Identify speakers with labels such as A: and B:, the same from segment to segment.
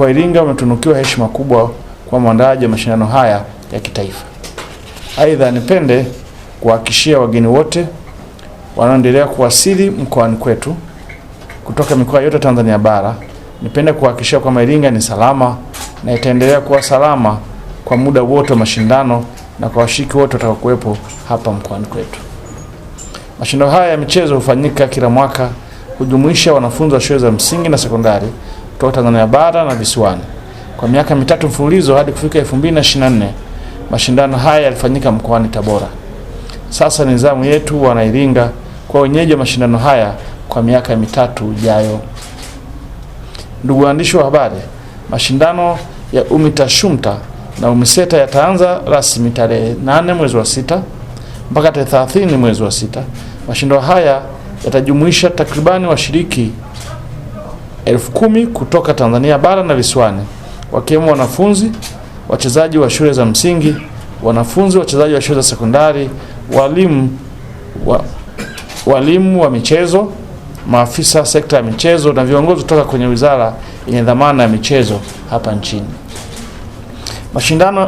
A: Kwa Iringa umetunukiwa heshima kubwa kwa mwandaaji wa mashindano haya ya kitaifa. Aidha, nipende kuwahakikishia wageni wote wanaoendelea kuwasili mkoani kwetu kutoka mikoa yote Tanzania bara, nipende kuwahakikishia kwamba Iringa ni salama na itaendelea kuwa salama kwa muda wote wa mashindano na kwa washiriki wote watakaokuwepo hapa mkoani kwetu. Mashindano haya ya michezo hufanyika kila mwaka, hujumuisha wanafunzi wa shule za msingi na sekondari kutoka Tanzania bara na visiwani. Kwa miaka mitatu mfululizo hadi kufika 2024 mashindano haya yalifanyika mkoani Tabora. Sasa ni zamu yetu Wanairinga kwa wenyeji wa mashindano haya kwa miaka mitatu ijayo. Ndugu waandishi wa habari, mashindano ya UMITA SHUMTA na UMISETA yataanza rasmi tarehe nane mwezi wa sita mpaka tarehe 30 mwezi wa sita. Mashindano haya yatajumuisha takribani washiriki elfu kumi kutoka Tanzania bara na visiwani, wakiwemo wanafunzi wachezaji wa shule za msingi, wanafunzi wachezaji wa shule za sekondari, walimu wa, walimu wa michezo, maafisa sekta ya michezo na viongozi kutoka kwenye wizara yenye dhamana ya michezo hapa nchini. Mashindano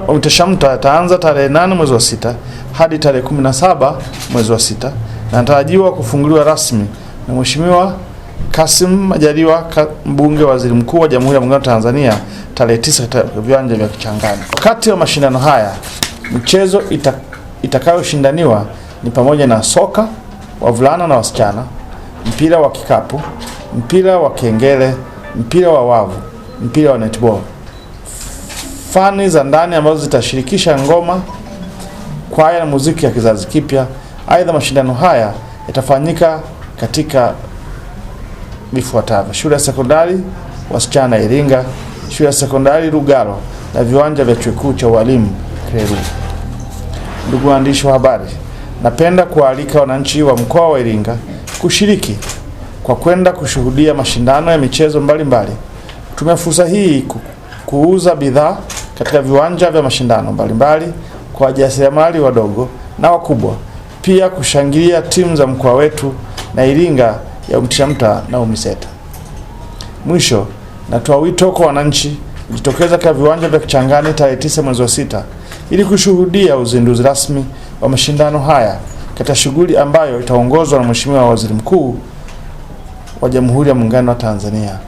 A: ya yataanza tarehe 8 mwezi wa sita hadi tarehe 17 mwezi wa sita na natarajiwa kufunguliwa rasmi na Mheshimiwa kasim Majaliwa, mbunge wa waziri mkuu wa Jamhuri ya Muungano wa Tanzania, tarehe tisa katika viwanja vya Kichangani. Wakati wa mashindano haya michezo ita, itakayoshindaniwa ni pamoja na soka wavulana na wasichana, mpira wa kikapu, mpira wa kengele, mpira wa wavu, mpira wa netball. Fani za ndani ambazo zitashirikisha ngoma, kwaya na muziki ya kizazi kipya. Aidha, mashindano haya yatafanyika katika vifuatavyo: shule ya sekondari wasichana Iringa, shule ya sekondari Lugalo na viwanja vya chuo kikuu cha ualimu Kelu. Ndugu waandishi wa habari, napenda kuwaalika wananchi wa mkoa wa Iringa kushiriki kwa kwenda kushuhudia mashindano ya michezo mbalimbali. Tumia fursa hii kuuza bidhaa katika viwanja vya mashindano mbalimbali kwa wajasiriamali wadogo na wakubwa, pia kushangilia timu za mkoa wetu na Iringa ya UMITAMTA na UMISETA. Mwisho, natoa wito kwa wananchi kujitokeza katika viwanja vya Kichangani tarehe tisa mwezi wa sita ili kushuhudia uzinduzi rasmi wa mashindano haya katika shughuli ambayo itaongozwa na Mheshimiwa Waziri Mkuu wa Jamhuri ya Muungano wa Tanzania.